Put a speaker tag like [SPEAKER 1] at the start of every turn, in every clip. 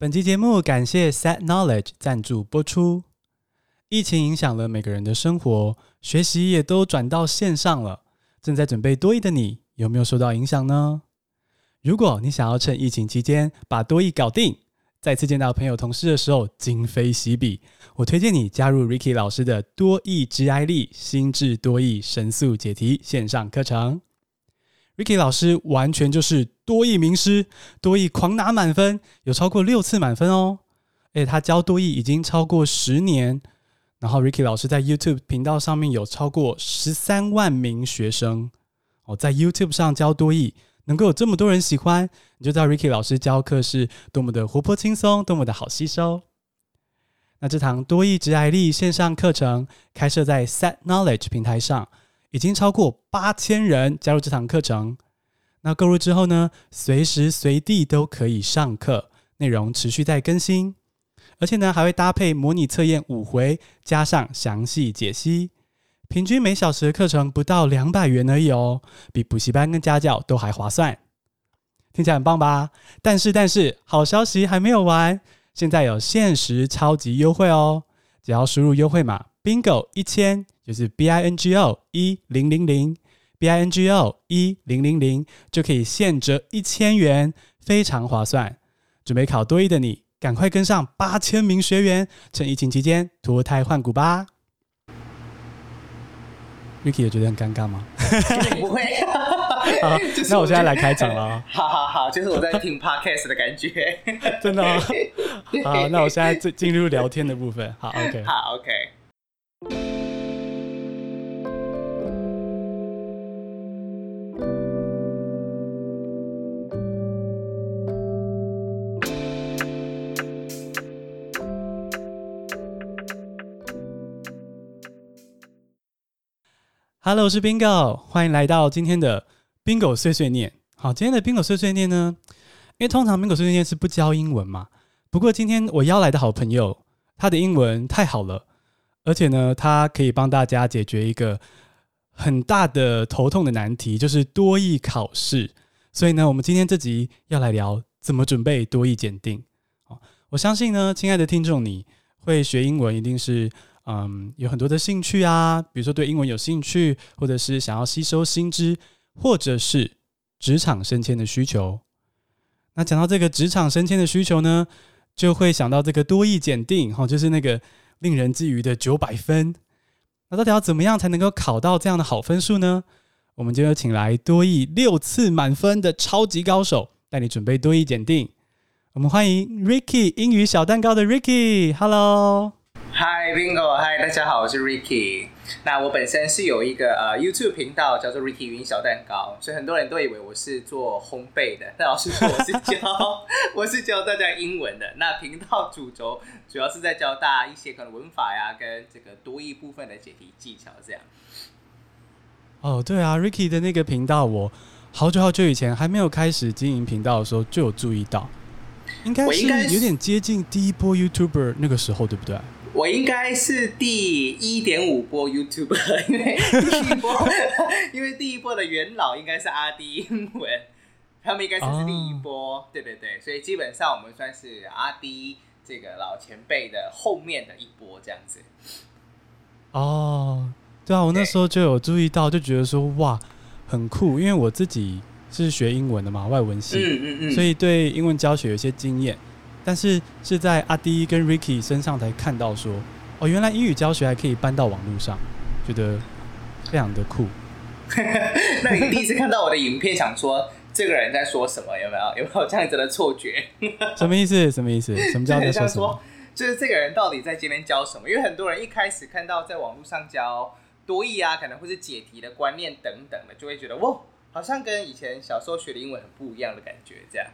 [SPEAKER 1] 本期節目感謝 SAT Knowledge 贊助播出。疫情影響了每個人的生活，學習也都轉到線上了。正在準備多益的你，有沒有受到影響呢？如果你想要趁疫情期間把多益搞定，再次見到朋友同事的時候，今非昔比，我推薦你加入 Ricky 老師的多益職涯力心智多益神速解題線上課程。Ricky 老師完全就是多益名師，多益狂拿滿分，有超過六次滿分哦！而且，他教多益已經超過十年，然後 Ricky 老師在 YouTube 頻道上面有超過十三萬名學生哦，在 YouTube 上教多益，能夠有這麼多人喜歡，你就知道 Ricky 老師教課是多麼的活潑輕鬆，多麼的好吸收。那這堂多益職涯力線上課程開設在 SAT Knowledge 平台上。已經超過八千人加入這堂課程，那購入之後呢，隨時隨地都可以上課，內容持續在更新，而且呢還會搭配模擬測驗五回，加上詳細解析，平均每小時的課程不到兩百元而已哦，比補習班跟家教都還划算，聽起來很棒吧？但是但是，好消息還沒有完，現在有限時超級優惠哦，只要輸入優惠碼。Bingo 一千就是 B I N G O 一零零零，B I N G O 一零零零就可以現折一千元，非常划算。準備考多益的你，趕快跟上八千名學員，趁疫情期間脫胎換骨吧。Ricky 也覺得很尷尬嗎？哈
[SPEAKER 2] 哈哈不會。那我現在來開場了。好好好，就是我在聽 podcast 的感覺。真的嗎？好，
[SPEAKER 1] 那我現在進進入聊天的部分。好，OK。好，OK。Hello，我是 Bingo，歡迎來到今天的 Bingo 碎碎念。好、哦，今天的 Bingo 碎碎念呢，因為通常 Bingo 碎碎念是不教英文嘛。不過今天我邀來的好朋友，他的英文太好了。而且呢，它可以幫大家解決一個很大的頭痛的難題，就是多益考試。所以呢，我們今天這集要來聊怎麼準備多益檢定。我相信呢，親愛的聽眾你，你會學英文，一定是嗯有很多的興趣啊，比如說對英文有興趣，或者是想要吸收新知，或者是職場升遷的需求。那講到這個職場升遷的需求呢，就會想到這個多益檢定，哈、哦，就是那個。令人覬覦的九百分，那到底要怎麼樣才能夠考到這樣的好分數呢？我們就要請來多益六次滿分的超級高手，帶你準備多益檢定。我們歡迎 Ricky，英語小蛋糕的 Ricky，Hello。Hello!
[SPEAKER 2] Hi Bingo，Hi 大家好，我是 Ricky。那我本身是有一個呃、uh, YouTube 頻道叫做 Ricky 英語小蛋糕，所以很多人都以為我是做烘焙的。但老實說，我是教 我是教大家英文的。那頻道主軸主要是在教大家一些可能文法呀，跟這個多益部分的解題技巧這樣。哦、
[SPEAKER 1] oh，對啊，Ricky 的那個頻道，我好久好久以前還沒有開始經營頻道的時候就有注意到，
[SPEAKER 2] 應該是有點
[SPEAKER 1] 接近第一波 YouTuber 那個時候，對不對？
[SPEAKER 2] 我應該是第一點五波 YouTuber，因為第一波, 因第一波，因為第一波的元老應該是阿 D 英文，他們應該是第一波，哦、對對對，所以基本上我們算是阿 D 這個老前輩的後面的一波這樣子。
[SPEAKER 1] 哦，對啊，我那時候就有注意到，就覺得說、欸、哇，很酷，因為我自己是學英文的嘛，外文系，嗯嗯嗯，所以對英文教學有些經驗。但是是在阿滴跟 Ricky 身上才看到說，哦，原來英語教學還可以搬到網絡上，覺得非常的酷。
[SPEAKER 2] 那你第一次看到我的影片，想說這個人在說什麼？有沒有有沒有這樣子的錯覺？什麼意思？
[SPEAKER 1] 什麼意思？什麼叫錯覺？ 就
[SPEAKER 2] 是這個人到底在這邊教什麼？因為很多人一開始看到在網絡上教多益啊，可能會是解題的觀念等等的，就會覺得哇，好像跟以前小時候學的英文很不一樣的感覺這樣。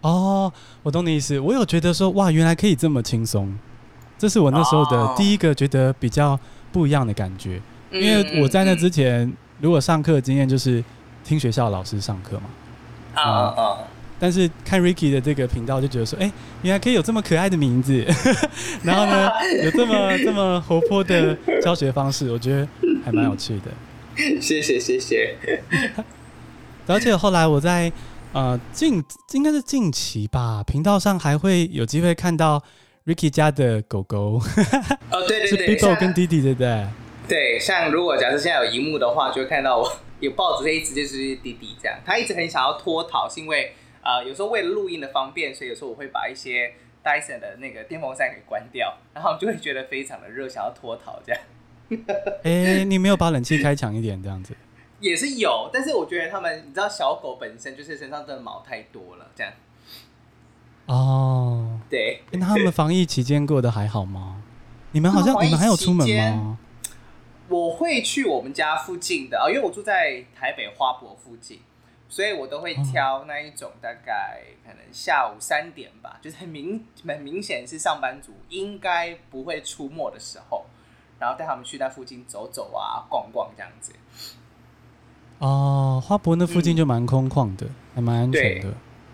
[SPEAKER 1] 哦，我懂你意思。我有覺得說，哇，原來可以這麼輕鬆，這是我那時候的第一個覺得比較不一樣的感覺。Oh. 因為我在那之前，嗯、如果上課經驗就是聽學校老師上課嘛，啊、oh, 哦、oh. 嗯、但是看 Ricky 的這個頻道，就覺得說，哎、欸，原來可以有這麼可愛的名字， 然後呢，有這麼這麼活潑的教學方式， 我覺得還蠻有趣的。
[SPEAKER 2] 謝謝，謝謝 。
[SPEAKER 1] 而且後來我在。呃，近應該是近期吧，頻道上還會有機會看到 Ricky 家的狗狗，
[SPEAKER 2] 哦，對對對， 是 Bigo 跟
[SPEAKER 1] 弟弟對不對？
[SPEAKER 2] 對，像如果假設現在有熒幕的話，就會看到我有抱着一直就是弟弟這樣，他一直很想要脫逃，是因為啊、呃、有時候為了錄音的方便，所以有時候我會把一些 Dyson 的那個電風扇給關掉，然後就會覺得非常的熱，想要脫逃這樣。
[SPEAKER 1] 誒，你沒有把冷氣開強一點，這樣子。
[SPEAKER 2] 也是有，但是我覺得他們，你知道，小狗本身就是身上真的毛太多了，這樣。
[SPEAKER 1] 哦，對。那他們防疫期間過得還好嗎？ 你們好像你們還有出門嗎？
[SPEAKER 2] 我會去我們家附近的啊、哦，因為我住在台北花博附近，所以我都會挑那一種大概可能下午三點吧，哦、就是很明、很明顯是上班族應該不會出沒的時候，然後帶他們去在附近走走啊，逛逛這樣子。
[SPEAKER 1] 哦，花博那附近就蠻空曠的，嗯、還蠻安全
[SPEAKER 2] 的。對，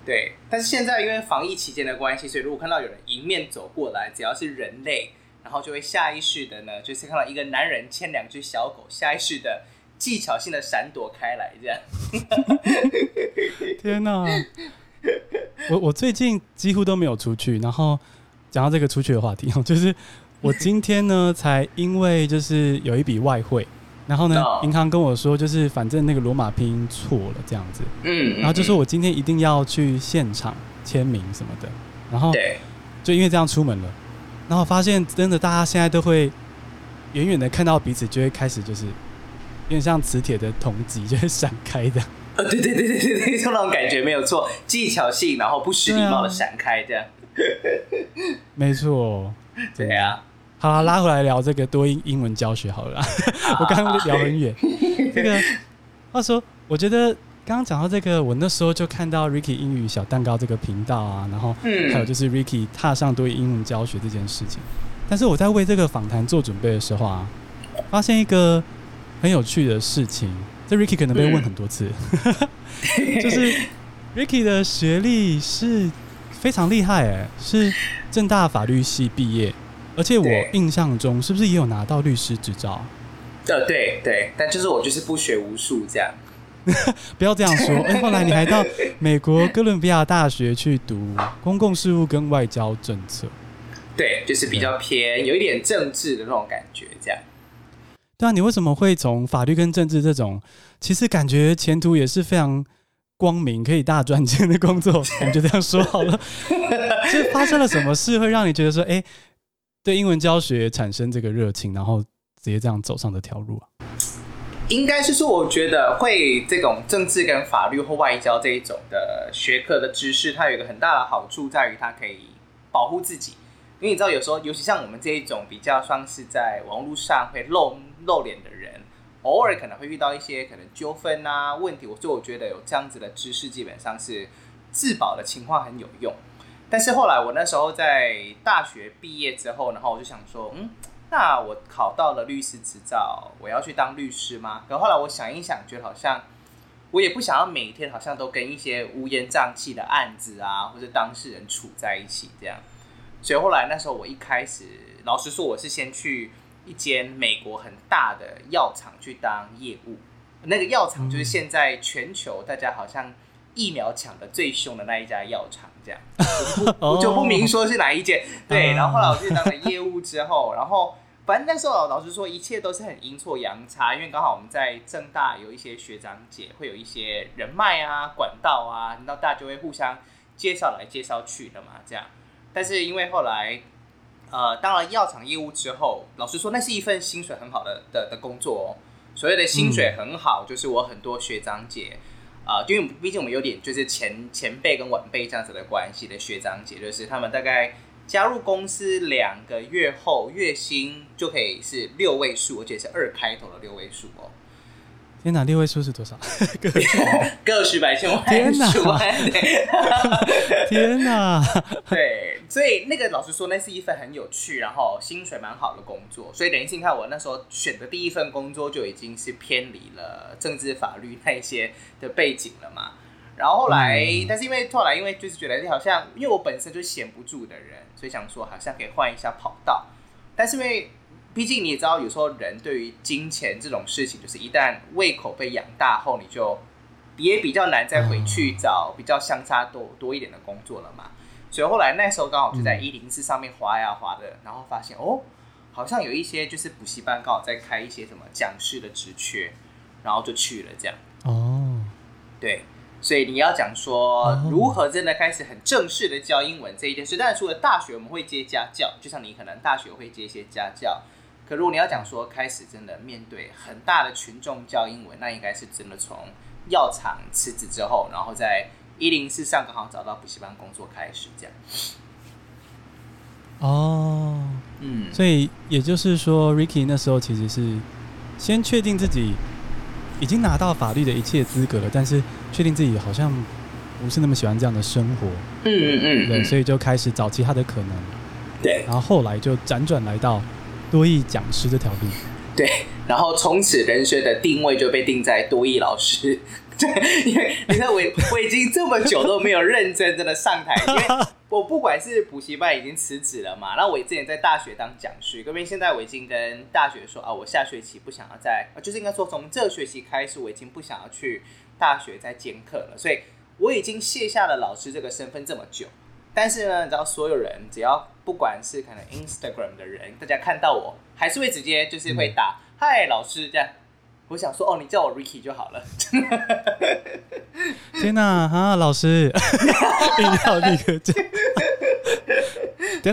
[SPEAKER 2] 對，但是現在因為防疫期間的關係，所以如果看到有人迎面走過來，只要是人類，然後就會下意識的呢，就是看到一個男人牽兩隻小狗，下意識的技巧性的閃躲開來，這樣。
[SPEAKER 1] 天哪、啊！我我最近幾乎都沒有出去。然後講到這個出去的話題、哦，就是我今天呢， 才因為就是有一筆外匯。然後呢，銀、oh. 行跟我說，就是反正那個羅馬拼音錯了這樣子，嗯、mm -hmm.，然後就說我今天一定要去現場簽名什麼的，然後，對，就因為這樣出門了，然後發現真的大家現在都會遠遠的看到彼此，就會開始就是有點像磁鐵的同極就會閃開這樣，
[SPEAKER 2] 呃，對對對對對對，就那種感覺沒有錯，技巧性然後不失禮貌的閃開這樣，
[SPEAKER 1] 啊、 沒錯，對啊。好啦，拉回來聊這個多益英文教學好了啦。 我剛剛就聊很遠、啊，這個話說，我覺得剛剛講到這個，我那時候就看到 Ricky 英語小蛋糕這個頻道啊，然後還有就是 Ricky 踏上多益英文教學這件事情。但是我在為這個訪談做準備的時候啊，發現一個很有趣的事情，這 Ricky 可能被問很多次，嗯、 就是 Ricky 的學歷是非常厲害誒、欸，是政大法律系畢業。而且我印象中是不是也有拿到律師執照？
[SPEAKER 2] 呃，對對，但就是我就是不學無術這樣。
[SPEAKER 1] 不要這樣說。後、 欸、來你還到美國哥倫比亞大學去讀公共事務跟外交政策。
[SPEAKER 2] 對，就是比較偏有一點政治的那種感覺這樣。對，
[SPEAKER 1] 對啊，你為什麼會從法律跟政治這種其實感覺前途也是非常光明、可以大賺錢的工作？我們就這樣說好了。就是 發生了什麼事會讓你覺得說，誒、欸。對英文教學產生這個熱情，然後直接這樣走上的這條路啊。
[SPEAKER 2] 應該是說，我覺得會這種政治跟法律或外交這一種的學科的知識，它有一個很大的好處，在於它可以保護自己。因為你知道，有時候尤其像我們這一種比較算是在網絡上會露露臉的人，偶爾可能會遇到一些可能糾紛啊、問題。我就我覺得有這樣子的知識，基本上是自保的情況很有用。但是後來我那時候在大學畢業之後，然後我就想說，嗯，那我考到了律師執照，我要去當律師嗎？然後後來我想一想，覺得好像我也不想要每一天好像都跟一些烏煙瘴氣的案子啊，或者當事人處在一起這樣。所以後來那時候我一開始，老實說，我是先去一間美國很大的藥廠去當業務。那個藥廠就是現在全球大家好像疫苗搶的最兇的那一家藥廠。這樣我不，我就不明說是哪一間。oh. 對，然後後來我去當了業務之後，oh. 然後反正那時候老實說一切都是很陰錯陽差，因為剛好我們在政大有一些學長姐會有一些人脈啊、管道啊，那大家就會互相介紹來介紹去的嘛。這樣，但是因為後來呃，當了藥廠業務之後，老實說那是一份薪水很好的的的工作，哦，所謂的薪水很好，嗯，就是我很多學長姐。啊、呃，因為畢竟我們有點就是前前輩跟晚輩這樣子的關係的學長姐，就是他們大概加入公司兩個月後，月薪就可以是六位數，而且是二開頭的六位數哦。
[SPEAKER 1] 天哪，六位數是多少？個
[SPEAKER 2] 個 十百千萬。天哪！
[SPEAKER 1] 天哪！ 對，
[SPEAKER 2] 所以那個老實說那是一份很有趣，然後薪水蠻好的工作。所以等於是你看我那時候選的第一份工作就已經是偏離了政治法律那一些的背景了嘛。然後後來，嗯、但是因為後來因為就是覺得你好像因為我本身就閒不住的人，所以想說好像可以換一下跑道。但是因為畢竟你也知道，有時候人對於金錢這種事情，就是一旦胃口被養大後，你就也比較難再回去找比較相差多多一點的工作了嘛。所以後來那時候剛好就在一零四上面滑呀滑的，嗯、然後發現哦，好像有一些就是補習班剛好在開一些什麼講師的職缺，然後就去了這樣。哦，對，所以你要講說如何真的開始很正式的教英文這一件事，但是除了大學我們會接家教，就像你可能大學會接一些家教。可如果你要講說開始真的面對很大的群眾教英文，那應該是真的從藥廠辭職之後，然後在一零四上剛好找到補習班工作，開始這樣。
[SPEAKER 1] 哦，嗯，所以也就是說，Ricky 那時候其實是先確定自己已經拿到法律的一切資格了，但是確定自己好像不是那麼喜歡這樣的生活。嗯嗯
[SPEAKER 2] 嗯，對、嗯，所
[SPEAKER 1] 以就開始找其他的可能。對，然後後來就輾轉來到。多益講師這
[SPEAKER 2] 條路，對，然後從此人生的定位就被定在多益老師，對，因為你看我 我已經這麼久都沒有認真真的上台，因為我不管是補習班已經辭職了嘛，然後我之前在大學當講師，可是現在我已經跟大學說啊，我下學期不想要再，就是應該說從這學期開始，我已經不想要去大學再兼課了，所以我已經卸下了老師這個身份這麼久，但是呢，你知道所有人只要不管是可能 Instagram 的人，大家看到我還是會直接就是會打、嗯、嗨老師這樣。我想說哦，你叫我 Ricky 就好了。
[SPEAKER 1] 天哪、啊、哈老師，要立刻這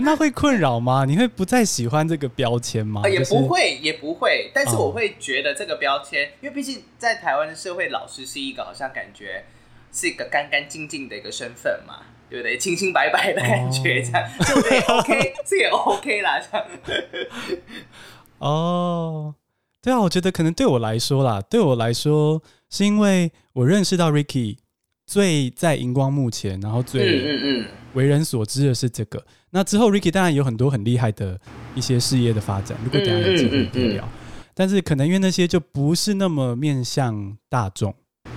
[SPEAKER 1] 樣，那 會困擾嗎？你會不再喜歡這個標籤嗎、就是？也不會，
[SPEAKER 2] 也不會。但是我會覺得這個標籤、哦，因為畢竟在台灣的社會，老師是一個好像感覺是一個乾乾淨淨的一個身份嘛。對不對？清清白白的感覺、oh.，
[SPEAKER 1] 這樣對不對，OK，這 也 OK 啦，這樣。哦、 oh,，對啊，我覺得可能對我來說啦，對我來說，是因為我認識到 Ricky 最在熒光幕前，然後最為人所知的是這個。嗯嗯嗯、那之後，Ricky 當然有很多很厲害的一些事業的發展，嗯嗯嗯嗯嗯、如果等一下可以聊。但是可能因為那些就不是那麼面向大眾，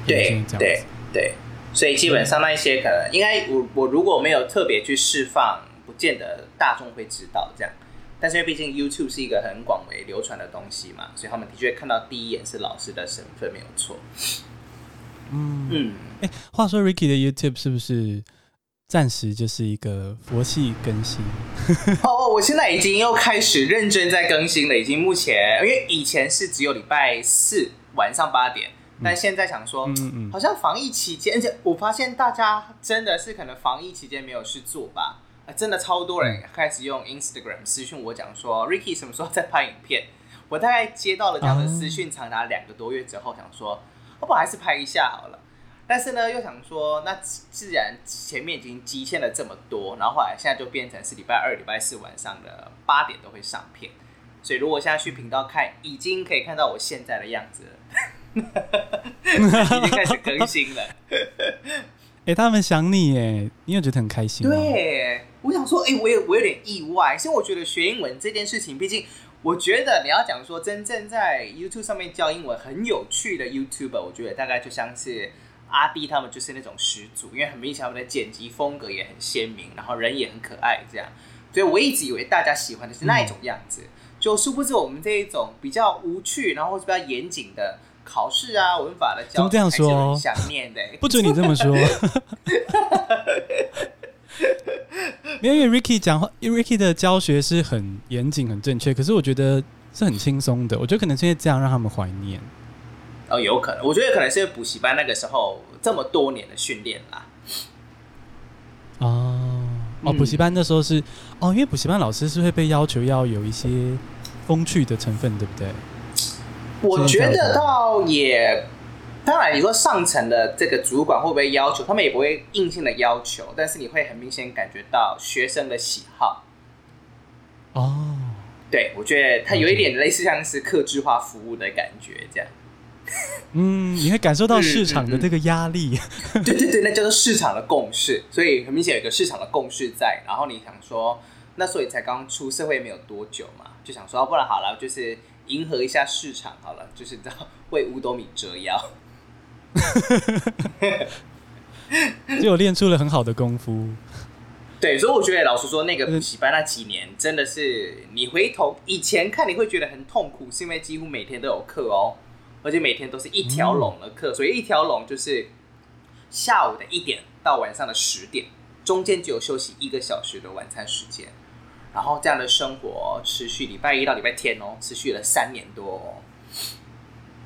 [SPEAKER 2] 對，對對。對所以基本上那些可能應該我我如果沒有特別去釋放，不見得大眾會知道這樣。但是因為畢竟 YouTube 是一個很廣為流傳的東西嘛，所以他們的確看到第一眼是老師的身份沒有錯。嗯，嗯，
[SPEAKER 1] 欸，話說 Ricky 的 YouTube 是不是暫時就是一個佛系更新？
[SPEAKER 2] 哦 ，oh, oh, 我現在已經又開始認真在更新了，已經目前因為以前是只有禮拜四晚上八點。但現在想說，嗯嗯嗯、好像防疫期間，而且我發現大家真的是可能防疫期間沒有事做吧，啊，真的超多人開始用 Instagram 私訊我講說，Ricky 什麼時候再拍影片？我大概接到了這樣的私訊長達兩個多月之後，想說，我、啊啊、不還是拍一下好了，但是呢，又想說，那既然前面已經極限了這麼多，然後後來現在就變成是禮拜二、禮拜四晚上的八點都會上片，所以如果現在去頻道看，已經可以看到我現在的樣子了。 哈哈哈哈哈！開始更新了
[SPEAKER 1] 哎、欸，他們想你哎，你也覺得很開心嗎、啊？
[SPEAKER 2] 對，我想說，哎、欸，我有我有點意外，因為我覺得學英文這件事情，畢竟我覺得你要講說真正在 YouTube 上面教英文很有趣的 YouTuber，我覺得大概就像是阿滴他們就是那種始祖，因為很明顯他們的剪輯風格也很鮮明，然後人也很可愛，這樣，所以我一直以為大家喜歡的是那一種樣子、嗯，就殊不知我們這一種比較無趣，然後是比較嚴謹的。考試啊，文法的教學，怎麼這樣說？想念的、欸，不准你這麼說。
[SPEAKER 1] 沒有，因為 Ricky 講話，因為 Ricky 的教學是很嚴謹、很正確，可是我覺得是很輕鬆的。我覺得可能是因為這樣讓他們懷念。
[SPEAKER 2] 哦，有可能，我覺得可能是因為補習班那個時候這麼多年的訓練啦。
[SPEAKER 1] 哦，嗯、哦，補習班那時候是，哦，因為補習班老師是會被要求要有一些風趣的成分，對不對？
[SPEAKER 2] 我覺得倒也，當然你說上層的這個主管會不會要求？他們也不會硬性的要求，但是你會很明顯感覺到學生的喜好。
[SPEAKER 1] 哦，
[SPEAKER 2] 對，我覺得他有一點類似像是客制化服務的感覺，這樣。
[SPEAKER 1] 嗯，你會感受到市場的這個壓力。嗯嗯
[SPEAKER 2] 嗯。對對對，那叫做市場的共識，所以很明顯有一個市場的共識在。然後你想說，那所以才剛出社會沒有多久嘛，就想說，不然好了，就是。迎合一下市場好了，就是你知道，為五斗米折腰，
[SPEAKER 1] 就練出了很好的功夫。
[SPEAKER 2] 對，所以我覺得老實說，那個補習班那幾年真的是，你回頭以前看你會覺得很痛苦，是因為幾乎每天都有課哦，而且每天都是一條龍的課，所以一條龍就是下午的一點到晚上的十點，中間只有休息一個小時的晚餐時間。然後這樣的生活持續禮拜一到禮拜天哦，持續了三年多
[SPEAKER 1] 哦。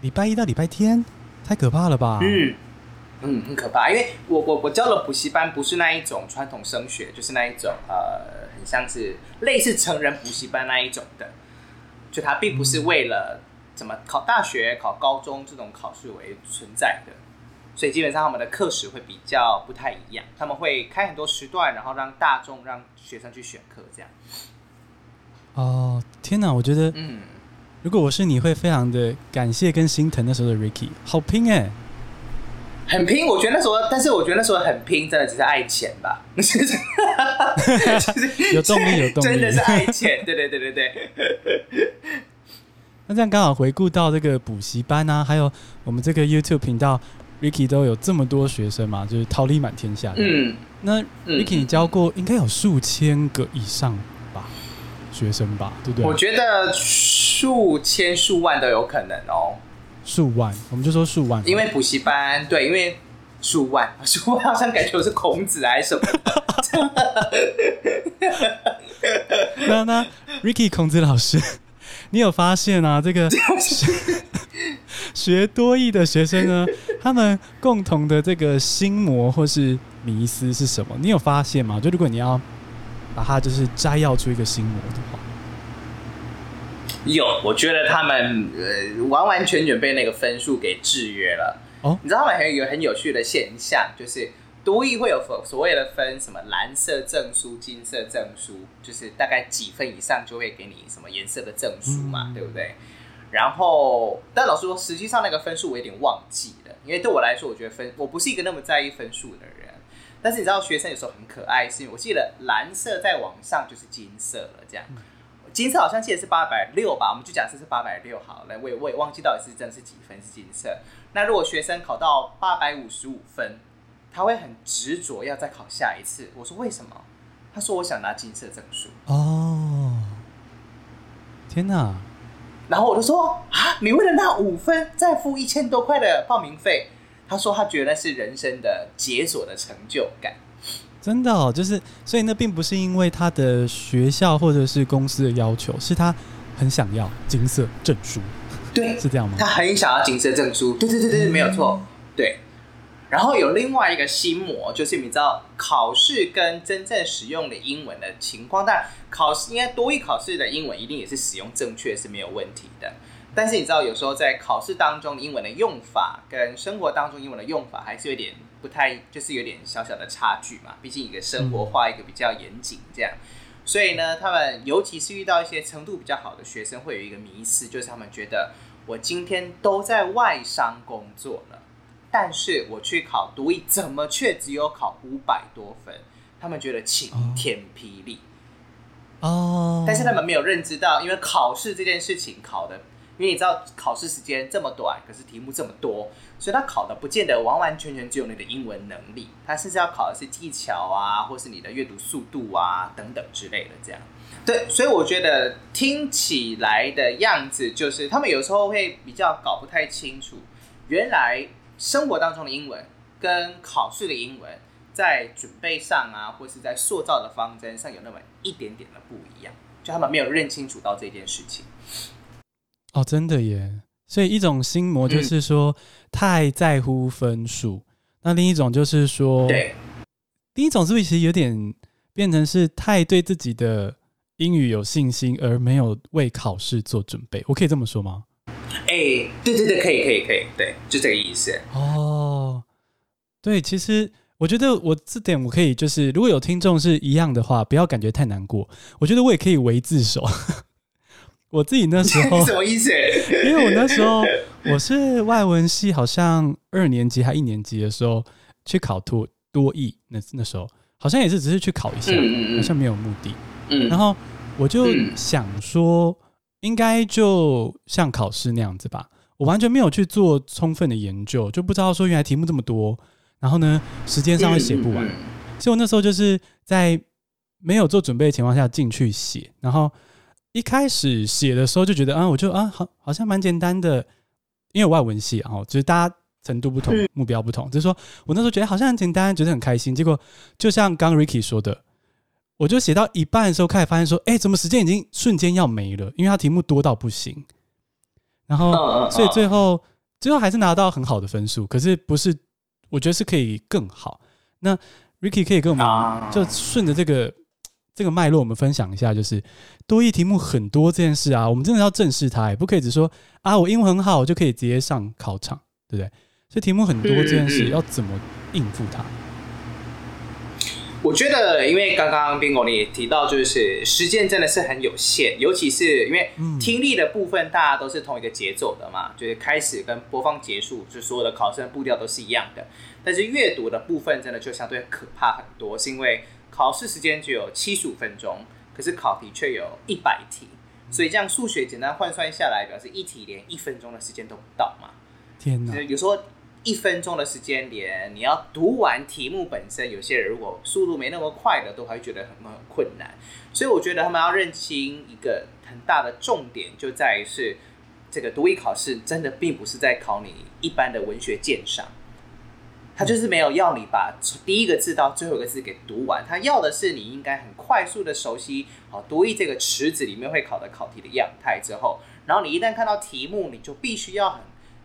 [SPEAKER 1] 禮拜一到禮拜天，太可怕了吧？嗯嗯，
[SPEAKER 2] 很可怕，因為我我我教的補習班不是那一種傳統升學，就是那一種呃，很像是類似成人補習班那一種的，就他並不是為了怎麼考大學、考高中這種考試為存在的。所以基本上，我們的課時會比較不太一樣。他們會開很多時段，然後讓大眾讓學生去選課這樣。
[SPEAKER 1] 哦，天哪！我覺得，嗯，如果我是你，會非常的感謝跟心疼那時候的 Ricky，好拼誒、欸，
[SPEAKER 2] 很拼。我覺得那時候，但是我覺得那時候很拼，真的只是愛錢吧？哈哈哈哈！有動力，有動力， 真的是愛錢。對對對對對。
[SPEAKER 1] 那這樣剛好回顧到這個補習班啊，還有我們這個 YouTube 頻道。Ricky 都有這麼多學生嘛，就是桃李滿天下的。
[SPEAKER 2] 嗯，那 Ricky 你
[SPEAKER 1] 教過應該有數千個以上吧、嗯嗯，學生吧，對不對？我覺
[SPEAKER 2] 得數千數萬都有可能哦。
[SPEAKER 1] 數萬，我們就說數萬。因為補
[SPEAKER 2] 習班，對，因為數萬，數萬好像感覺是孔子、啊、還是什麼
[SPEAKER 1] 那？那那 Ricky 孔子老師，你有發現啊？這個。 學多益的學生呢，他們共同的這個心魔或是迷思是什麼？你有發現嗎？就如果你要把它就是摘要出一個心魔的話。
[SPEAKER 2] 有，我覺得他們呃完完全全被那個分數給制約了。哦，你知道他們還有一個很有趣的現象，就是多益會有所謂的分什麼藍色證書、金色證書，就是大概幾分以上就會給你什麼顏色的證書嘛，嗯、對不對？然後，但老實說，實際上那個分數我有點忘記了，因為對我來說，我覺得分我不是一個那麼在意分數的人。但是你知道，學生有時候很可愛，是因為我記得藍色再往上就是金色了，這樣金色好像記得是八百六吧，我們就假設是八百六，好了。我也我也忘記到底是真的是幾分是金色。那如果學生考到八百五十五分，他會很執着要再考下一次。我說為什麼？他說我想拿金色證書。哦，
[SPEAKER 1] 天哪！
[SPEAKER 2] 然後我就說啊，你為了那五分再付一千多塊的報名費？他說他覺得那是人生的解鎖的成就感，
[SPEAKER 1] 真的哦，就是，所以那並不是因為他的學校或者是公司的要求，是他很想要金色
[SPEAKER 2] 證書，對，是這樣嗎？他很想要金色證書，對對對對，對、嗯，沒有錯，對。然後有另外一個心魔，就是你知道考試跟真正使用的英文的情況，但考試應該多益考試的英文一定也是使用正確是沒有問題的。但是你知道有時候在考試當中英文的用法跟生活當中英文的用法還是有點不太，就是有點小小的差距嘛。畢竟一個生活化，一個比較嚴謹這樣。所以呢，他們尤其是遇到一些程度比較好的學生，會有一個迷思，就是他們覺得我今天都在外商工作。但是我去考多益，怎麼卻只有考五百多分？他們覺得晴天霹靂哦！Oh. Oh. 但是他們沒有認知到，因為考試這件事情考的，因為你知道考試時間這麼短，可是題目這麼多，所以他考的不見得完完全全只有你的英文能力，他甚至要考的是技巧啊，或是你的閱讀速度啊等等之類的。這樣對，所以我覺得聽起來的樣子就是他們有時候會比較搞不太清楚，原來。生活當中的英文跟考試的英文，在準備上啊，或是在塑造的方針上有那麼一點點的不一樣，就他們沒有認清楚到這件事情。
[SPEAKER 1] 哦，真的耶！所以一種心魔就是說、嗯、太在乎分數，那另一種就是說，對，第一種是不是其實有點變成是太對自己的英語有信心，而沒有為考試做準備？我可以這麼說嗎？
[SPEAKER 2] 哎、欸，對對對，可以可以可以，對，就這個意思
[SPEAKER 1] 哦。對，其實我覺得我這點我可以，就是如果有聽眾是一樣的話，不要感覺太難過。我覺得我也可以為自首。 我自己那時候 你
[SPEAKER 2] 什麼意思？因為我那時候
[SPEAKER 1] 我是外文系，好像二年級還一年級的時候去考多多益，那那時候好像也是只是去考一下，嗯嗯、好像沒有目的、嗯。然後我就想說。應該就像考試那樣子吧，我完全沒有去做充分的研究，就不知道說原來題目這麼多，然後呢時間上會寫不完。所以我那時候就是在沒有做準備的情況下進去寫，然後一開始寫的時候就覺得啊、嗯，我就啊、嗯、好好像蠻簡單的，因為有外文系，哦，只就是大家程度不同，目標不同，就是說我那時候覺得好像很簡單，覺、就、得、是、很開心。結果就像剛 Ricky 說的。我就寫到一半的時候，開始發現說：“哎、欸，怎麼時間已經瞬間要沒了？因為它題目多到不行。”然後，所以最後最後還是拿到很好的分數，可是不是？我覺得是可以更好。那 Ricky 可以跟我們就順着這個這個脈絡，我們分享一下，就是多益題目很多這件事啊，我們真的要正視它，也不可以只說啊，我英文很好，我就可以直接上考場，對不對？所以題目很多這件事，要怎麼應付它？
[SPEAKER 2] 我覺得，因為剛剛賓果你也提到，就是時間真的是很有限，尤其是因為聽力的部分，大家都是同一個節奏的嘛、嗯，就是開始跟播放結束，就所有的考生步調都是一樣的。但是閱讀的部分真的就相對可怕很多，是因為考試時間只有七十五分鐘，可是考題卻有一百題，所以這樣數學簡單換算下來，表示一題連一分鐘的時間都不到嘛。
[SPEAKER 1] 天吶，比
[SPEAKER 2] 如說。一分鐘的時間點，你要讀完題目本身，有些人如果速度沒那麼快的，都還會覺得很很困難。所以我覺得他們要認清一個很大的重點，就在於是這個讀譯考試真的並不是在考你一般的文學鑑賞，他就是沒有要你把第一個字到最後一個字給讀完，他要的是你應該很快速的熟悉好、哦、讀譯這個池子裡面會考的考題的樣態之後，然後你一旦看到題目，你就必須要很。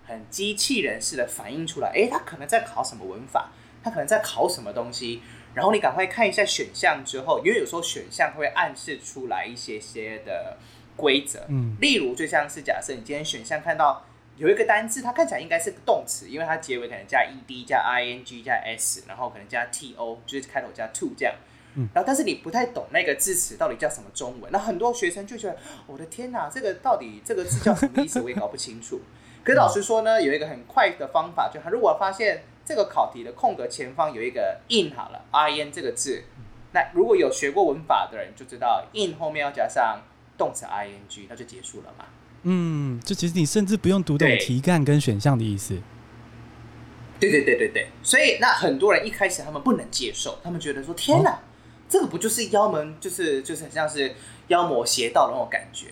[SPEAKER 2] 很機器人式的反應出來，哎、欸，他可能在考什麼文法，他可能在考什麼東西，然後你趕快看一下選項之後，因為有時候選項會暗示出來一些些的規則，嗯，例如就像是假設你今天選項看到有一個單字，它看起來應該是個動詞，因為它結尾可能加 ED, 加 e d 加 i n g 加 s，然後可能加 t o，就是開頭加 to 這樣，嗯，然後但是你不太懂那個字詞到底叫什麼中文，那很多學生就覺得，我的天哪、啊，這個到底這個字叫什麼意思，我也搞不清楚。 跟老師說呢，有一個很快的方法，就他如果發現這個考題的空格前方有一個 in 好了，i n 這個字，那如果有學過文法的人就知道，in 後面要加上動詞 i n g，那就結束了嘛。
[SPEAKER 1] 嗯，就其實你甚至不用讀懂題幹跟選項的意思。
[SPEAKER 2] 對對對對對。所以那很多人一開始他們不能接受，他們覺得說天哪、哦，這個不就是妖門，就是就是很像是妖魔邪道的那種感覺。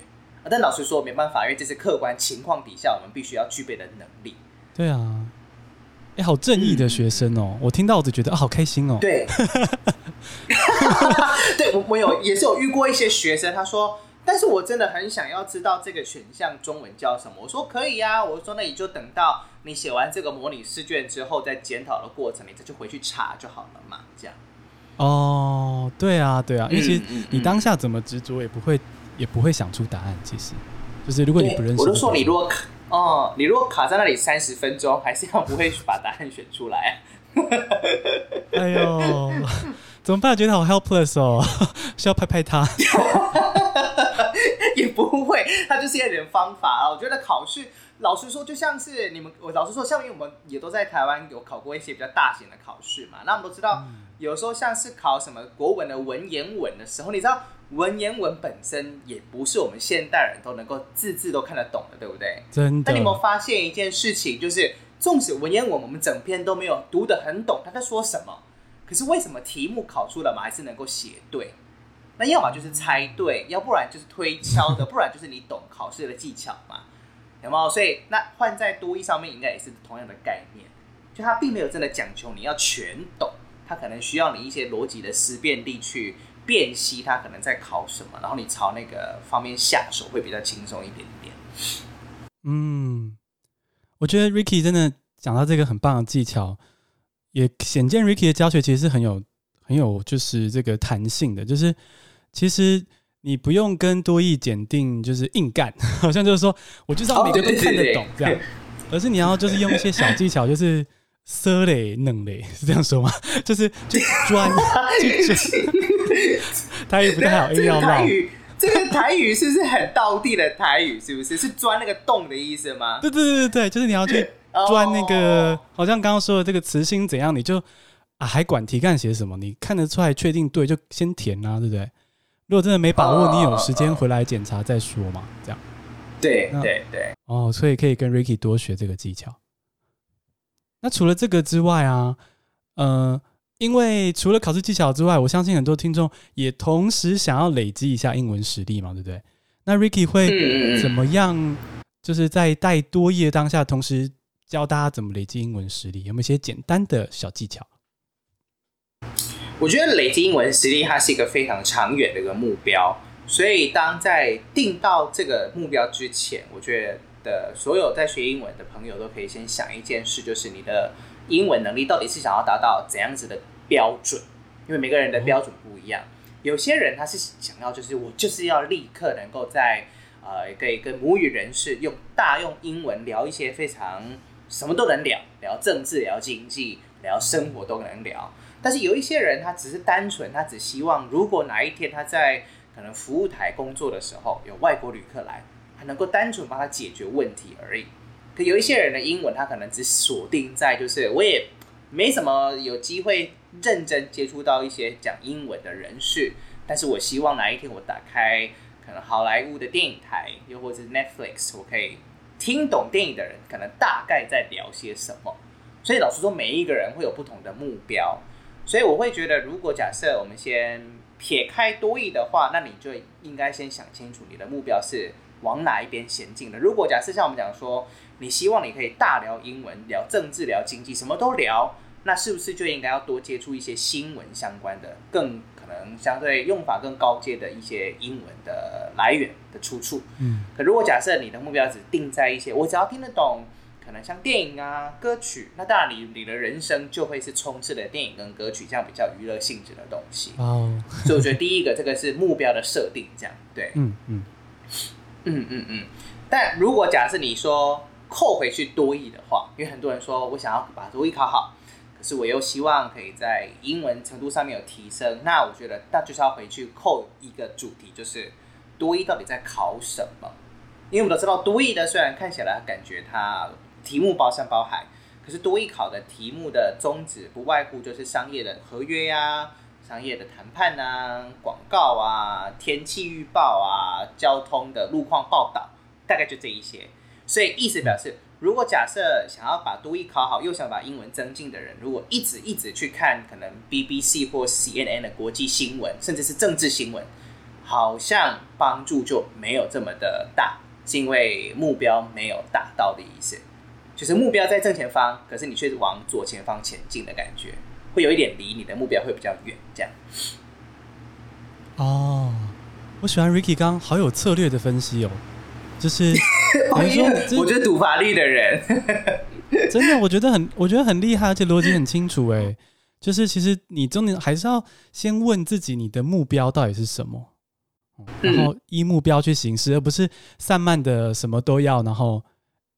[SPEAKER 2] 但老實說，沒辦法，因為這是客觀情況底下，我們必須要具備的能力。
[SPEAKER 1] 對啊，哎、欸，好正義的學生哦、喔嗯！我聽到我就覺得啊，好開心哦、喔。對，
[SPEAKER 2] 對我我有也是有遇過一些學生，他說：“但是我真的很想要知道這個選項中文叫什麼。”我說：“可以啊。”我說：“那你就等到你寫完這個模擬試卷之後，再檢討的過程，你再去回去查就好了嘛。”這樣。
[SPEAKER 1] 哦，對啊，對啊，嗯、因為其實你當下怎麼執着也不會，也不會想出答案，其實就是如果你不認識，我都說你如果
[SPEAKER 2] 卡哦、嗯，你如果卡在那裡三十分鐘， 還是要不會去把答案選出來。 哎呦，
[SPEAKER 1] 怎麼辦？覺得好 helpless 哦，需要拍拍他。
[SPEAKER 2] 也不會，他就是一點方法啊。我覺得考試，老實說，就像是你們，我老實說，像我們也都在台灣有考過一些比較大型的考試嘛。那我們都知道，有時候像是考什麼國文的文言文的時候，你知道。文言文本身也不是我們現代人都能夠字字都看得懂的，對不對？
[SPEAKER 1] 真的。那你有沒有
[SPEAKER 2] 發現一件事情，就是縱使文言文我們整篇都沒有讀得很懂他在說什麼，可是為什麼題目考出了嘛還是能夠寫對？那要麼就是猜對，要不然就是推敲的， 不然就是你懂考試的技巧嘛，有沒有？所以那換在多益上面應該也是同樣的概念，就他並沒有真的講求你要全懂，他可能需要你一些邏輯的思辨力去。辨析他可能在考什麼，然後你朝那個方面下手會比較輕鬆一點點。
[SPEAKER 1] 嗯，我覺得 Ricky 真的講到這個很棒的技巧，也顯見 Ricky 的教學其實是很有、很有就是這個彈性的，就是其實你不用跟多益檢定就是硬幹，好像就是說我就知道每個都看得懂、oh, 這樣，而是你要就是用一些小技巧，就是。塞嘞弄嘞是這樣說嗎？
[SPEAKER 2] 就是去就鑽， 就就
[SPEAKER 1] 台語不太好，音要鬧。
[SPEAKER 2] 這個台語是不是很道地的台語？是不是 是鑽那個洞的意思嗎？對
[SPEAKER 1] 對對對，就是你要去鑽那個。 哦、好像剛剛說的這個詞性怎樣，你就啊，還管題幹寫什麼？你看得出來確定對，就先填啊，對不對？如果真的沒把握，你有時間回來檢查再說嘛，這樣。哦、這樣，對對對，哦，所以可以跟 Ricky 多學這個技巧。那除了這個之外啊，呃，因為除了考試技巧之外，我相信很多聽眾也同時想要累積一下英文實力嘛，對不對？那 Ricky 會怎麼樣？就是在帶多益當下，同時教大家怎麼累積英文實力？有沒有一些簡單的小技巧？
[SPEAKER 2] 我覺得累積英文實力，它是一個非常長遠的一個目標，所以當在定到這個目標之前，我覺得。的，所有在學英文的朋友都可以先想一件事，就是你的英文能力到底是想要達到怎樣子的標準？因為每個人的標準不一樣，有些人他是想要，就是我就是要立刻能夠在呃可以跟母語人士用大用英文聊一些非常什麼都能聊，聊政治、聊經濟、聊生活都能聊。但是有一些人他只是單純，他只希望如果哪一天他在可能服務台工作的時候有外國旅客來。能夠單純幫他解決問題而已。可有一些人的英文，他可能只鎖定在就是，我也沒什麼有機會認真接觸到一些講英文的人士。但是我希望哪一天我打開可能好萊塢的電影台，又或者 Netflix，我可以聽懂電影的人可能大概在聊些什麼。所以老實說，每一個人會有不同的目標。所以我會覺得，如果假設我們先撇開多益的話，那你就應該先想清楚你的目標是。往哪一邊前進呢？如果假設像我們講說，你希望你可以大聊英文，聊政治，聊經濟，什麼都聊，那是不是就應該要多接觸一些新聞相關的，更可能相對用法更高階的一些英文的來源的出處？嗯。可如果假設你的目標只定在一些我只要聽得懂，可能像電影啊、歌曲，那當然你你的人生就會是充斥的電影跟歌曲這樣比較娛樂性質的東西。哦。所以我覺得第一個這個是目標的設定，這樣對。嗯嗯。嗯嗯嗯，但如果假設你說扣回去多益的話，因為很多人說，我想要把多益考好，可是我又希望可以在英文程度上面有提升，那我覺得那就是要回去扣一個主題，就是多益到底在考什麼？因為我們都知道多益的，雖然看起來感覺它題目包山包海，可是多益考的題目的宗旨不外乎就是商業的合約呀、啊。商業的談判吶、啊，廣告啊，天氣預報啊，交通的路況報道，大概就這一些。所以意思表示，如果假設想要把多益考好，又想把英文增進的人，如果一直一直去看可能 BBC 或 CNN 的國際新聞，甚至是政治新聞，好像幫助就沒有這麼的大，是因為目標沒有達到的意思，就是目標在正前方，可是你卻往左前方前進的感覺。會有一點離你的目標
[SPEAKER 1] 會比較遠，這樣。哦，我喜歡 Ricky，剛剛好有策略的分析哦，就是 如說
[SPEAKER 2] 就 我覺得讀法律的人
[SPEAKER 1] 真的，我覺得很，我覺得很厲害，而且邏輯很清楚。哎， 就是其實你重點還是要先問自己，你的目標到底是什麼，然後依目標去行事，而不是散漫的什麼都要，然後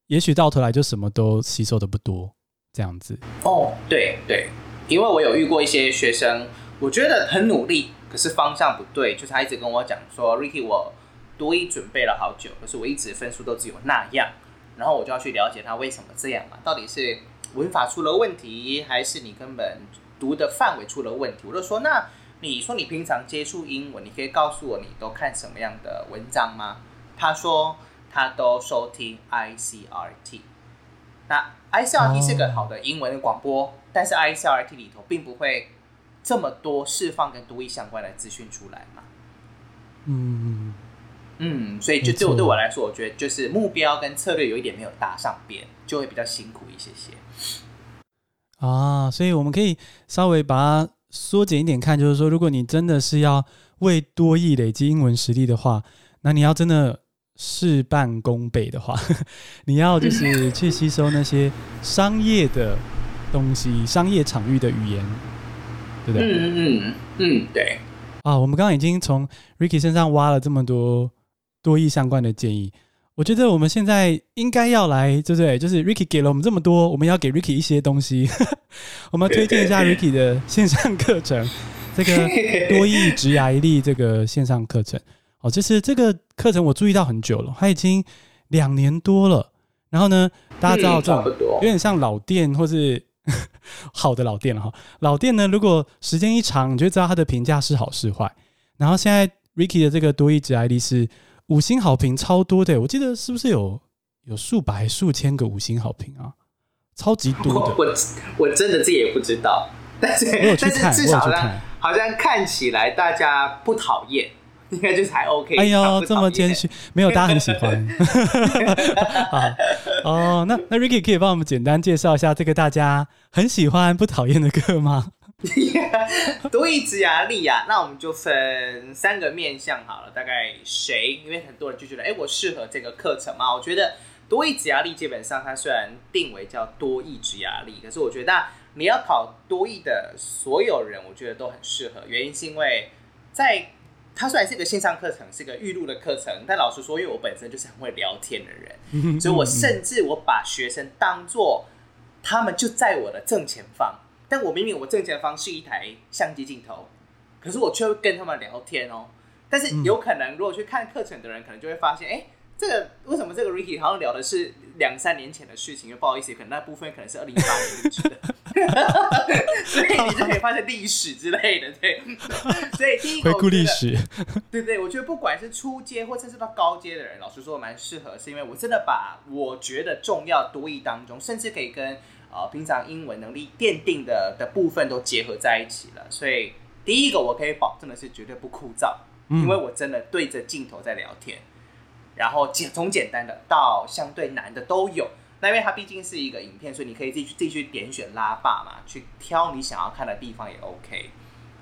[SPEAKER 1] 也許到頭來就什麼都吸收的不多，這樣子。
[SPEAKER 2] 哦，對對。因為我有遇過一些學生，我覺得很努力，可是方向不對。就是他一直跟我講說，Ricky，我多益準備了好久，可是我一直分數都只有那樣。然後我就要去了解他為什麼這樣嘛、啊，到底是文法出了問題，還是你根本讀的範圍出了問題？我就說，那你說你平常接觸英文，你可以告訴我你都看什麼樣的文章嗎？他說他都收聽 ICRT，那 ICRT 是個好的英文廣播。但是 ICRT 裡頭並不會這麼多釋放跟多益相關的資訊出來嘛？嗯嗯嗯，所以就對我，對我來說，我覺得就是目標跟策略有一點沒有搭上邊，就會比較辛苦一些些。
[SPEAKER 1] 啊，所以我們可以稍微把它縮減一點看，就是說，如果你真的是要為多益累積英文實力的話，那你要真的事半功倍的話， 你要就是去吸收那些商業的。東西，商業場域的語言，對不對？嗯嗯嗯，對啊。我們剛剛已經從 Ricky 身上挖了這麼多多益相關的建議，我覺得我們現在應該要來，對不對？就是 Ricky 給了我們這麼多，我們要給 Ricky 一些東西。 我們要推薦一下 Ricky 的線上課程， 這個多益職涯力這個線上課程。哦，就是這個課程我注意到很久了，他已經兩年多了。然後呢，大家知道這種有點像老店，或是 好的老店了哈，老店呢，如果時間一長，你就知道它的評價是好是壞。然後現在 Ricky 的這個多一吉 ID 是五星好評超多的，我記得是不是有有數百、數千個五星好評啊？超級多的，我
[SPEAKER 2] 我，我真的自己也不知道，但是有去看，但是至少呢，好像看起來大家不討厭。應該就是還 OK。哎呦，這
[SPEAKER 1] 麼謙虛，沒有大家很喜歡。 好，哦、oh,，那那 Ricky 可以幫我們簡單介紹一下這個大家很喜歡不討厭的課嗎？Yeah,
[SPEAKER 2] 多益職涯力啊， 那我們就分三個面向好了。大概誰？因為很多人就覺得，哎、欸，我適合這個課程嘛。」我覺得多益職涯力，基本上它雖然定為叫多益職涯力，可是我覺得你要考多益的所有人，我覺得都很適合。原因是因為在它雖然是一個線上課程，是一個預錄的課程，但老實說，因為我本身就是很會聊天的人， 所以我甚至我把學生當作他們就在我的正前方，但我明明我正前方是一台相機鏡頭，可是我卻會跟他們聊天哦。但是有可能，如果去看課程的人，可能就會發現，誒。這個為什麼這個 Ricky 好像聊的是兩三年前的事情？又不好意思，可能那部分可能是二零一八年的， 所以你就可以發現歷史之類的，對。所以第一個，回顧歷史，對對，我覺得不管是初階或者是到高階的人，老實說我蠻適合，是因為我真的把我覺得重要多益當中，甚至可以跟、呃、平常英文能力奠定的的部分都結合在一起了。所以第一個我可以保證的是絕對不枯燥、嗯，因為我真的對着鏡頭在聊天。然後簡從簡單的到相對難的都有，那因為它畢竟是一個影片，所以你可以自己自己去點選拉霸嘛，去挑你想要看的地方也 OK。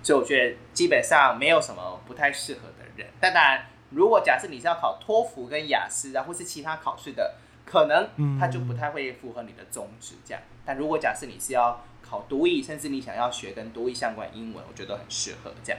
[SPEAKER 2] 所以我覺得基本上沒有什麼不太適合的人。但當然，如果假設你是要考托福跟雅思啊，或是其他考試的，可能它就不太會符合你的宗旨這樣。但如果假設你是要考多益，甚至你想要學跟多益相關英文，我覺得很適合這樣。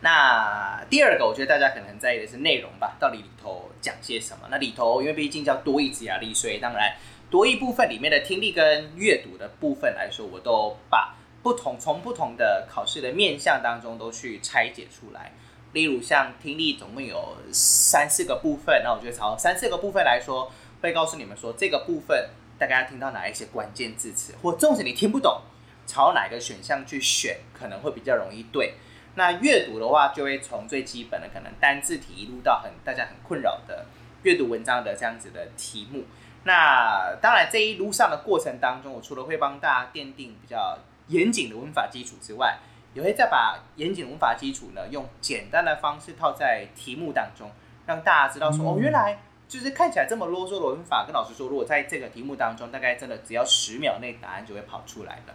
[SPEAKER 2] 那第二個，我覺得大家可能在意的是內容吧，到底裡頭講些什麼？那裡頭，因為畢竟叫多益職涯力，所以當然多益部分裡面的聽力跟閱讀的部分來說，我都把不同，從不同的考試的面向當中都去拆解出來。例如像聽力，總共有三四個部分，那我覺得朝三四個部分來說，會告訴你們說這個部分大家要聽到哪一些關鍵字詞，或縱使你聽不懂，朝哪個選項去選，可能會比較容易對。那閱讀的話，就會從最基本的可能單字題一路到很大家很困擾的閱讀文章的這樣子的題目。那當然這一路上的過程當中，我除了會幫大家奠定比較嚴謹的文法基礎之外，也會再把嚴謹的文法基礎呢用簡單的方式套在題目當中，讓大家知道說哦，原來就是看起來這麼囉嗦的文法。跟老師說，如果在這個題目當中，大概真的只要十秒內答案就會跑出來了。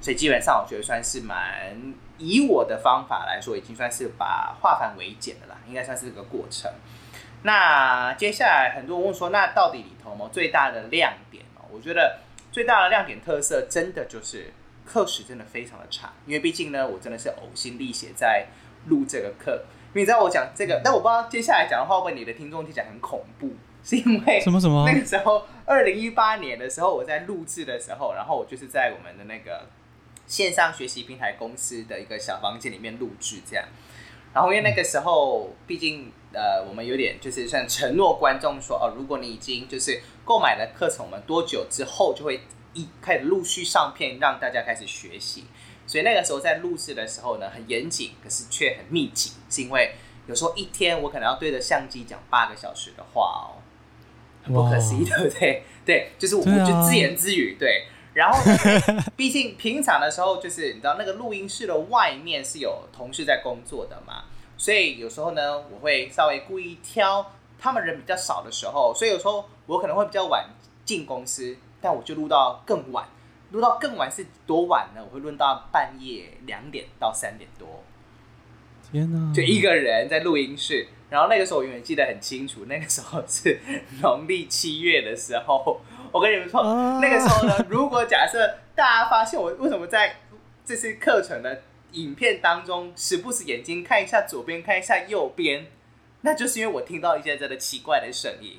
[SPEAKER 2] 所以基本上我覺得算是蠻以我的方法來說，已經算是把化繁為簡的啦，應該算是這個過程。那接下來很多人問說，那到底裡頭有沒有最大的亮點哦？我覺得最大的亮點特色真的就是課時真的非常的差。因為畢竟呢，我真的是嘔心瀝血在錄這個課。你知道我講這個、嗯，但我不知道接下來講的話，我問你的聽眾聽起來很恐怖，是因為什麼什麼？那個時候二零一八年的時候，我在錄制的時候，然後我就是在我們的那個。線上學習平台公司的一個小房間裡面錄製這樣，然後因為那個時候畢竟、嗯、呃我們有點就是像承諾觀眾說，哦，如果你已經就是購買了課程，我們多久之後就會一開始陸續上片，讓大家開始學習，所以那個時候在錄制的時候呢，很嚴謹，可是卻很密集，是因為有時候一天我可能要對着相機講八個小時的話
[SPEAKER 1] 哦，很不可思議對不對？
[SPEAKER 2] 對，就是我們就自言自語，對啊、對。 然後，畢竟平常的時候，就是你知道那個錄音室的外面是有同事在工作的嘛，所以有時候呢，我會稍微故意挑他們人比較少的時候，所以有時候我可能會比較晚進公司，但我就錄到更晚，錄到更晚是多晚呢？我會錄到半夜兩點到三點多。
[SPEAKER 1] 天哪！
[SPEAKER 2] 就一個人在錄音室，然後那個時候我永遠記得很清楚，那個時候是農曆七月的時候。我跟你們說，那個時候呢，如果假設大家發現我為什麼在這些課程的影片當中時不時眼睛看一下左邊，看一下右邊，那就是因為我聽到一些這個奇怪的聲音，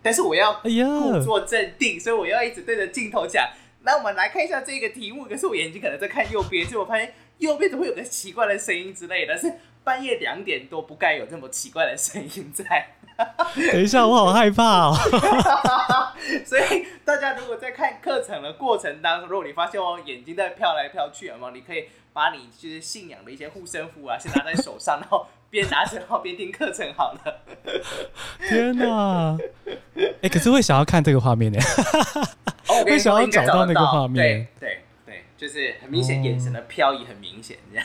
[SPEAKER 2] 但是我要故作鎮定，所以我要一直對着鏡頭講。那我們來看一下這個題目，可是我眼睛可能在看右邊，所以我發現右邊怎麼會有個奇怪的聲音之類的？是半夜兩點多不該有這麼奇怪的聲音在。
[SPEAKER 1] 等一下，我好害怕哦！
[SPEAKER 2] 所以大家如果在看課程的過程當中，如果你發現我眼睛在飄來飄去有沒有，你可以把你就是信仰的一些護身符啊，先拿在手上， 然後邊拿起來邊聽課程好了。
[SPEAKER 1] 天哪、啊！哎、欸，可是會想要看這個畫面呢？
[SPEAKER 2] okay，會想要找到，找到那個畫面？對對對，就是很明顯眼神的飄移，很明顯這樣。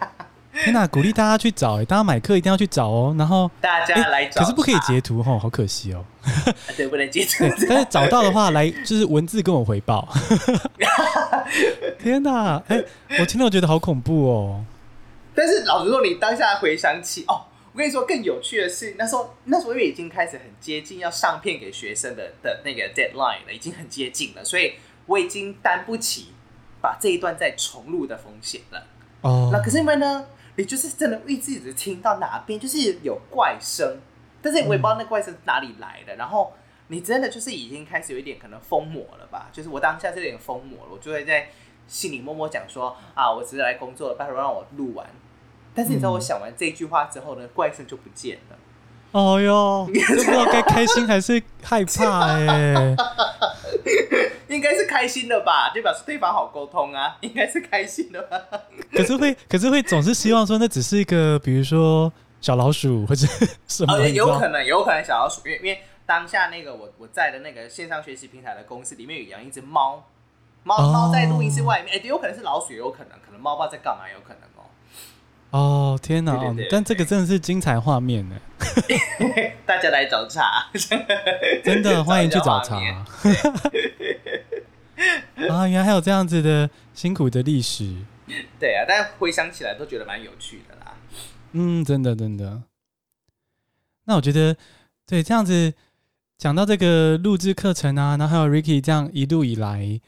[SPEAKER 2] 哦
[SPEAKER 1] 天哪，鼓勵大家去找、欸，大家買課一定要去找哦、喔。然後大家來找、欸，可是不可以截圖哈、喔，好可惜哦、喔 啊。
[SPEAKER 2] 對，不能截圖、欸。但是找到的
[SPEAKER 1] 話，來就是文字跟我回報。 天哪，哎、欸，我聽到覺得好恐怖哦、喔。
[SPEAKER 2] 但是老實說，你當下回想起，哦，我跟你說，更有趣的是，那時候那時候因為已經開始很接近要上片給學生的的那個 deadline 了，已經很接近了，所以我已經擔不起把這一段再重錄的風險了。哦，那可是因為呢。你就是真的會一直聽到哪邊就是有怪聲，但是你也不知道那怪聲哪裡來的。嗯。然後你真的就是已經開始有一點可能瘋魔了吧？就是我當下是有點瘋魔了，我就會在心裡默默講說：啊，我只是來工作的，拜托讓我錄完。
[SPEAKER 1] 但是你知道，我
[SPEAKER 2] 想完這句話之後呢，怪聲就不見了。
[SPEAKER 1] 哦喲，都不知道該開心還是害怕哎、欸，
[SPEAKER 2] 應該是開心的吧，就表示對方好溝通啊，應該是開心的吧。可是
[SPEAKER 1] 會，可是會總是希望說那只是一個，比如說小老鼠或者什麼、啊哦，有可
[SPEAKER 2] 能，有可能小老鼠，因為因為當下那個我我在的那個線上學習平台的公司裡面有養一隻貓，
[SPEAKER 1] 貓貓在錄音室
[SPEAKER 2] 外面，哎、哦欸，對，有可能是老鼠，也有可能，可能貓爸在幹嘛，有可能。
[SPEAKER 1] 哦天吶！但這個真的是精彩畫面呢。
[SPEAKER 2] 大家來找茬， 真的歡迎去找茬啊，
[SPEAKER 1] 啊！原來還有這樣子的辛苦的歷史。
[SPEAKER 2] 對啊，大家回想起來都覺得蠻有趣的啦。
[SPEAKER 1] 嗯，真的真的。那我覺得對這樣子講到這個錄製課程啊，然後還有 Ricky 這樣一路以來，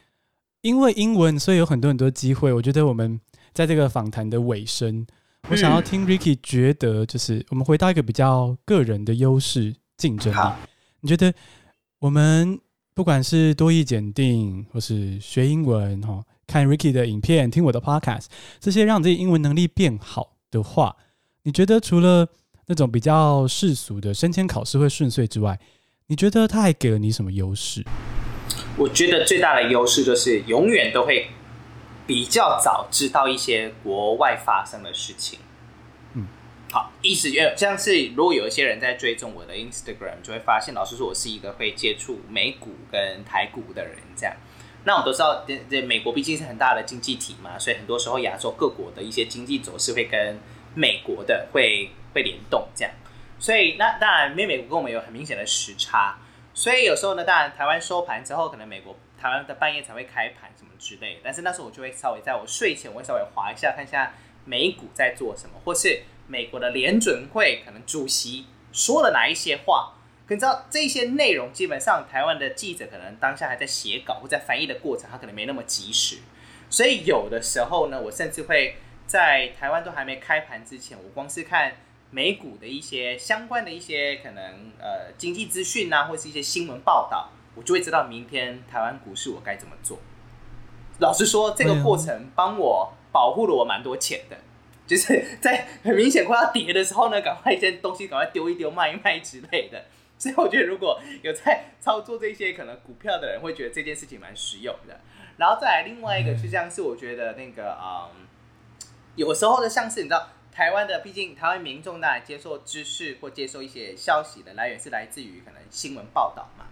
[SPEAKER 1] 因為英文，所以有很多很多機會。我覺得我們在這個訪談的尾聲。嗯、我想要聽 Ricky 覺得，就是我們回到一個比較個人的優勢競爭力。你覺得我們不管是多益檢定，或是學英文，哈，看 Ricky 的影片，聽我的 Podcast，這些讓你自己英文能力變好的話，你覺得除了那種比較世俗的升遷考試會順遂之外，你覺得他還給了你什麼優勢？
[SPEAKER 2] 我覺得最大的優勢就是永遠都會。比較早知道一些國外發生的事情，嗯，好，意思就是、像是如果有一些人在追蹤我的 Instagram，就會發現老實說我是一個會接觸美股跟台股的人，這樣。那我們都知道這，這美國畢竟是很大的經濟體嘛，所以很多時候亞洲各國的一些經濟走勢會跟美國的會會聯動，這樣。所以那當然，因為美國跟我們有很明顯的時差，所以有時候呢，當然台灣收盤之後，可能美國。台灣的半夜才會開盤，什麼之類的，但是那時候我就會稍微在我睡前，我會稍微滑一下，看一下美股在做什麼，或是美國的聯準會可能主席說了哪一些話。你知道這些內容，基本上台灣的記者可能當下還在寫稿或在翻譯的過程，他可能沒那麼及時。所以有的時候呢，我甚至會在台灣都還沒開盤之前，我光是看美股的一些相關的一些可能呃經濟資訊啊，或是一些新聞報道。我就會知道明天台灣股市我該怎麼做。老實說，這個過程幫我保護了我蠻多錢的，就是在很明顯快要跌的時候呢，趕快一些東西趕快丟一丟、賣一賣之類的。所以我覺得如果有在操作這些可能股票的人，會覺得這件事情蠻實用的。然後再來另外一個，就像是我覺得那個啊、嗯，有時候呢，像是你知道台灣的，畢竟台灣民眾在接受知識或接受一些消息的來源是來自於可能新聞報道嘛。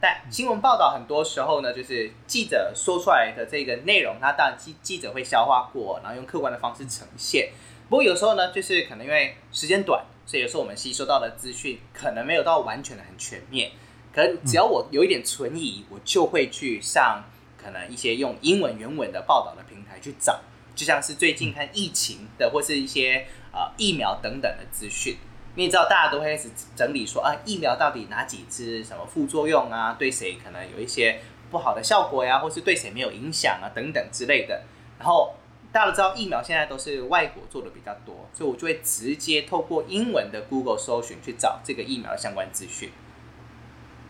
[SPEAKER 2] 但新聞報道很多時候呢，就是記者說出來的這個內容，他當然記記者會消化過，然後用客觀的方式呈現。不過有時候呢，就是可能因為時間短，所以有時候我們吸收到的資訊可能沒有到完全的很全面。可能只要我有一點存疑，我就會去上可能一些用英文原文的報道的平台去找，就像是最近看疫情的或是一些呃疫苗、等等的資訊。你也知道大家都會開始整理說啊，疫苗到底哪幾支什麼副作用啊？對誰可能有一些不好的效果呀、啊？或是對誰沒有影響啊？等等之類的。然後大家都知道疫苗現在都是外國做的比較多，所以我就會直接透過英文的 Google 搜尋去找這個疫苗的相關資訊。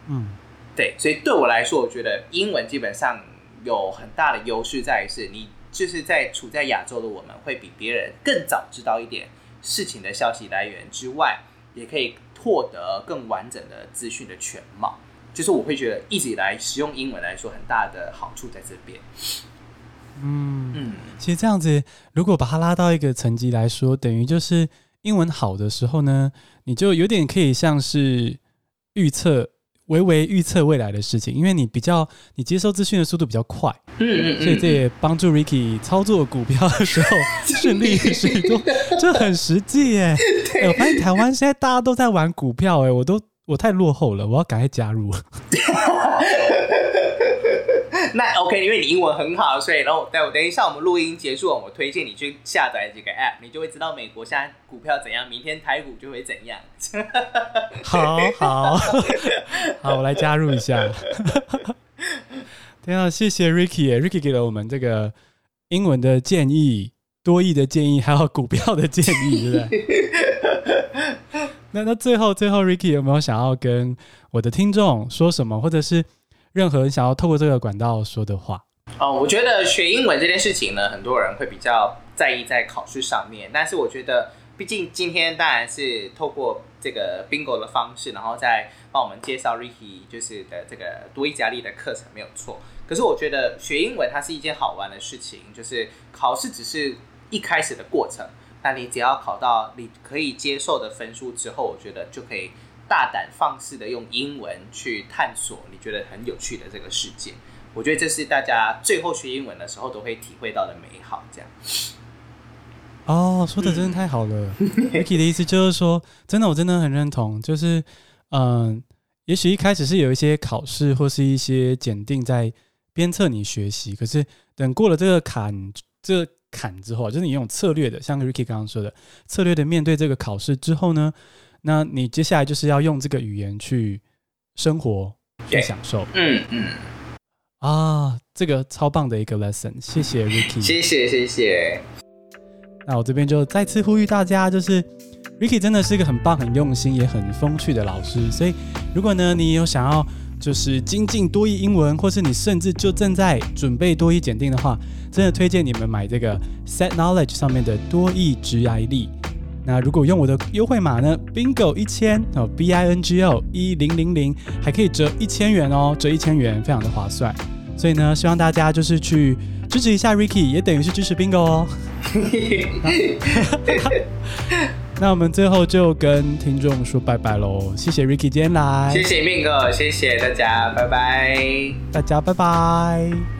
[SPEAKER 2] 嗯，對，所以對我來說，我覺得英文基本上有很大的優勢在於是，你就是在處在亞洲的我們會比別人更早知道一點。事情的消息來源之外，也可以獲得更完整的資訊的全貌。就是我會覺得一直以來使用英文來說，很大的好處在這邊。嗯
[SPEAKER 1] 嗯，其實這樣子，如果把它拉到一個層級來說，等於就是英文好的時候呢，你就有點可以像是預測。微微預測未來的事情，因為你比較你接收資訊的速度比較快，嗯嗯，嗯，所以這也幫助 Ricky 操作股票的時候順利許多， 這很實際耶，欸欸。我發現台灣現在大家都在玩股票，欸，誒，我都我太落後了，我要趕快加入。
[SPEAKER 2] 那 OK，因為你英文很好，所以然後等我等一下，我們錄音結束，我推薦你去下載這個 App，你就會知道美國現在股票怎樣，明天台股就會怎樣。 好好 好，我來加
[SPEAKER 1] 入一下。天 啊，謝謝 Ricky，Ricky Ricky 給了我們這個英文的建議、多益的建議，還有股票的建議，是不是？ 那那最後最後，Ricky 有沒有想要跟我的聽眾說什麼，或者是？任何人想要透過這個管道說的話，
[SPEAKER 2] 哦，我覺得學英文這件事情呢，很多人會比較在意在考試上面。但是我覺得，畢竟今天當然是透過這個 bingo 的方式，然後再幫我們介紹 Ricky 就是的這個多益職涯力的課程沒有錯。可是我覺得學英文它是一件好玩的事情，就是考試只是一開始的過程。但你只要考到你可以接受的分數之後，我覺得就可以。大膽放肆地用英文去探索你覺得很有趣的這個世界，我覺得這是大家最後學英文的時候都會體會到的美好。這樣
[SPEAKER 1] 哦，說得真的太好了。嗯、 Ricky 的意思就是說，真的我真的很認同，就是嗯、呃，也許一開始是有一些考試或是一些檢定在鞭策你學習，可是等過了這個坎這坎、個、之後，就是你用策略的，像 Ricky 剛剛說的，策略的面對這個考試之後呢，那你接下來就是要用這個語言去生活，yeah, 去享受。嗯
[SPEAKER 2] 嗯。
[SPEAKER 1] 啊，這個超棒的一個 lesson，謝謝
[SPEAKER 2] Ricky， 謝謝謝謝。
[SPEAKER 1] 那我這邊就再次呼籲大家，就是 Ricky 真的是一個很棒、很用心、也很風趣的老師，所以如果呢你有想要就是精進多益英文，或是你甚至就正在準備多益檢定的話，真的推薦你們買這個 Set Knowledge 上面的多益職涯力。那如果用我的優惠碼呢？Bingo 一千哦，B I N G O 一零零零，還可以折一千元哦，折一千元非常的划算。所以呢，希望大家就是去支持一下 Ricky，也等於是支持 Bingo 哦。 啊、 那我們最後就跟聽眾說拜拜嘍，謝謝 Ricky，今天來。謝謝 Bingo，
[SPEAKER 2] 謝謝大家，拜拜，
[SPEAKER 1] 大家拜拜。